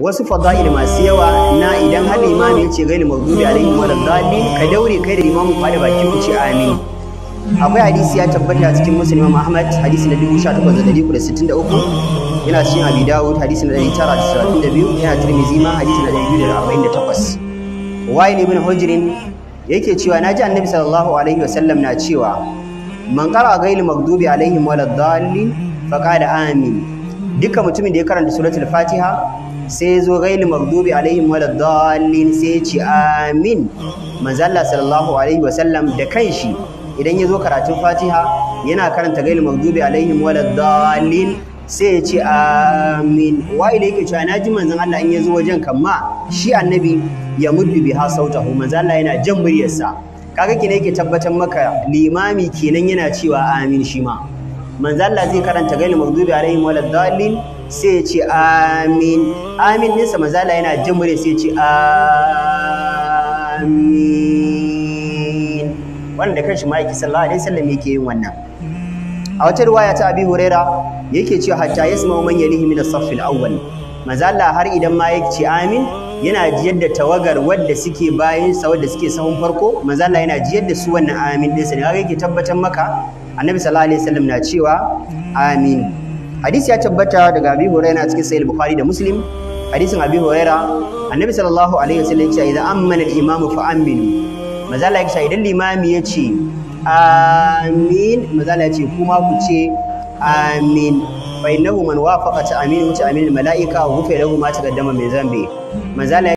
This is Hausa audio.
wasu fada'il masu yawa na idan har limamin ce a maghdubi mara zabi ka daure kai da Limamin fada baki ku ce amin akwai hadisi ya tabbata a cikin muslim Muhammad, hadisi na 1863 yana cikin abi dawud hadisi na biyu yana tirmizi ma hadisi na 248 wayin ibn hujrin yake cewa na ji annabi sallallahu alaihi wasallam na cewa man qara ghayril maghdubi alaihim waladdallin faqala amin duka mutumin da ya karanta suratul fatiha sai zo gaili magdubi alaihim wala dallin sai ce amin manzo sallallahu alaihi wasallam da kanshi idan ya zo karatun Fatiha yana karanta gaili magdubi alaihim wala dallin sai ce amin wa ila yake cewa na ji manzan Allah in ya zo wajen kamma shi annabi ya muddu biha sautahu manzo yana jan muryarsa kaga na yake tabbatar maka limami kenan yana cewa amin shi ma Manzalla zai karanta gail maghdubi alaihim wala dalil sai ya ce amin amin din manzalla yana jimre sai ya ce amin wanda kanshi ma'aiki sallallahu alaihi wasallam yake yin wannan a wata riwaya ta Abi Huraira yake cewa hatta yasma'u man yalihi min as saffil awwal manzo har idan ma yake ce amin yana jiyar da tawagar wadda suke bayan sa wadda suke sahun farko Manzalla yana jiyar da su wannan amin din sa ne kaga yake tabbatar maka annabi sallallahu alaihi wasallam na cewa amin hadisi ya tabbata daga abi huraira cikin sahih bukhari da muslim hadisin abi huraira annabi sallallahu alaihi wasallam ya ce idan amana al-imamu fa aminu mazala ya ce idan limami ya ce amin mazala ya ce kuma ku ce amin fa innahu man wafaqa ta aminu ta amin malaika ghufira lahu ma taqaddama min zambi mazala